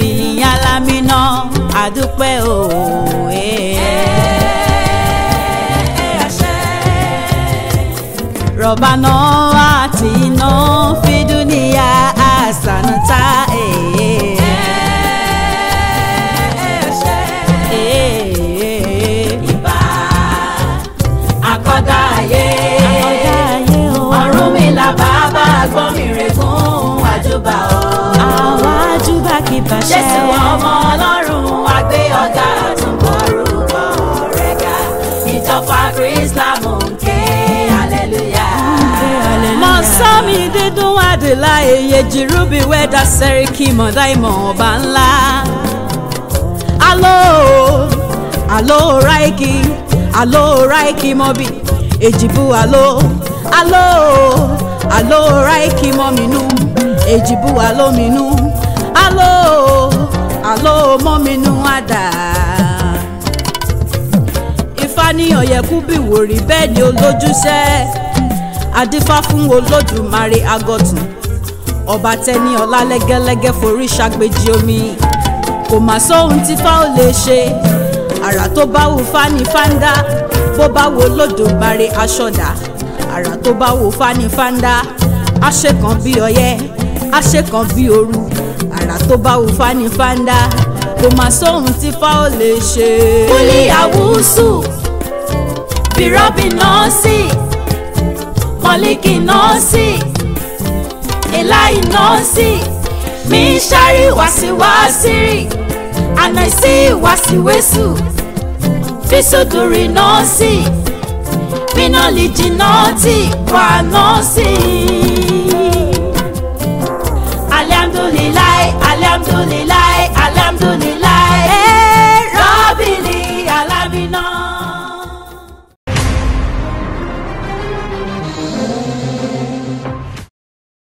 àbíyàn lámìnà àdúpẹ́ òòó. Eh. Eh, eh, rọ̀bà náà. nǹkan ṣe. Jésù ọmọ Ọlọ́run àgbé ọ̀gá àtúnbọ̀ rúbọ rẹ̀ ga. Ìjọba Kírísílámù ń ké hallelujah. Mọ sọ́mi dídùn Adìlá èyí jìrúbi wẹ́dà sẹ́ríkì mọ̀dá ìmọ̀ ọba ńlá. Alo alo raiki alo raiki mọ́bi èjìbú alo alo alo raiki mọ́minú èjìbú alo minú ọmọ mi nu àdá ifá ní ọ̀yẹ̀kú bí wòrí bẹ́ẹ̀ ni olójúṣẹ́ adífá fún olódùmarè agọ̀tún ọba tẹni ọlá lẹ́gẹ́lẹ́gẹ́ forí ṣàgbéjì omi kò mà sóhun tí fá ò lè ṣe àrà tó bá wù fani fanda bó bá wo olódùmarè aṣọ̀dá àrà tó bá wù fani fanda aṣèkàn bí ọyẹ́ aṣèkàn bí òru àrà tó bá wù fani fanda kò má sóhun tí fa ó lè ṣe. kúlí àwùsù bírọ́bì nọ́ọ̀sì mọ́líkì nọ́ọ̀sì eláì nọ́ọ̀sì mi ń ṣárí wàsíwàsírì ànàìsí wàsíwẹ́sù fíṣùdùrì nọ́ọ̀sì fínàlì jìnnọ́ọ̀tì wà nọ́ọ̀sì. alihamdulilayi.